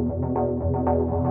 Thank you.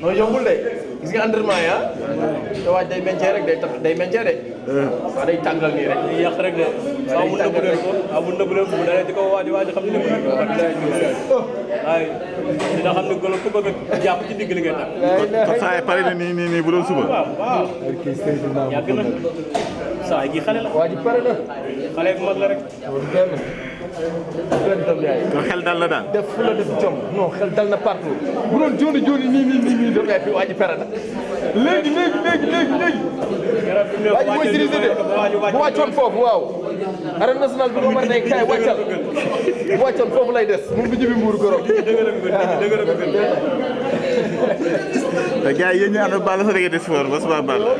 non yombul de gis nga entraînement yi ah. te waaj day meñcee day tax day meñcee nii rek. day yàq rek de. waaw day tàngal rek waaw bu nëbbu waaj waaj xam ne nëbbu waaye dina xam ne golo ku bëgg a jàpp ci digg li ngay tax. kon saa suba. waaw waaw. yàgg na xale la. xale bu rek. kon xel dal na daal. def la def jom non xel dal na partout bu jooni jooni nii nii nii nii yaay fi waa ji pere léegi léegi léegi léegi léegi. de bu wàccoon foofu waaw. arène nationale bi Omar day kaay wàccal bu wàccoon foofu lay des. moom du jibi mbuur gorom. te gars yi yéen ñu ànd Balla sa dëgg di sport ba suba Balla.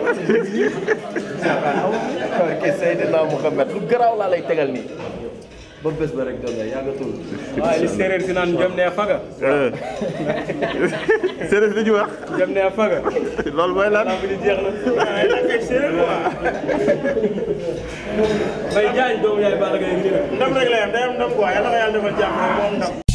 ok Seydina Mouhamed lu garaaw laa lay tegal nii. ba bés ba rek doon na yàggatul. waaw li séeréer si faga. Eh. séeréer li ñu wax. jom nee faga. loolu mooy lan lamb di jeex na. waaw da ngay séeréer quoi. Mbaye Diagne doomu yaay Balla Gaye ndam rek la yam day am ndam quoi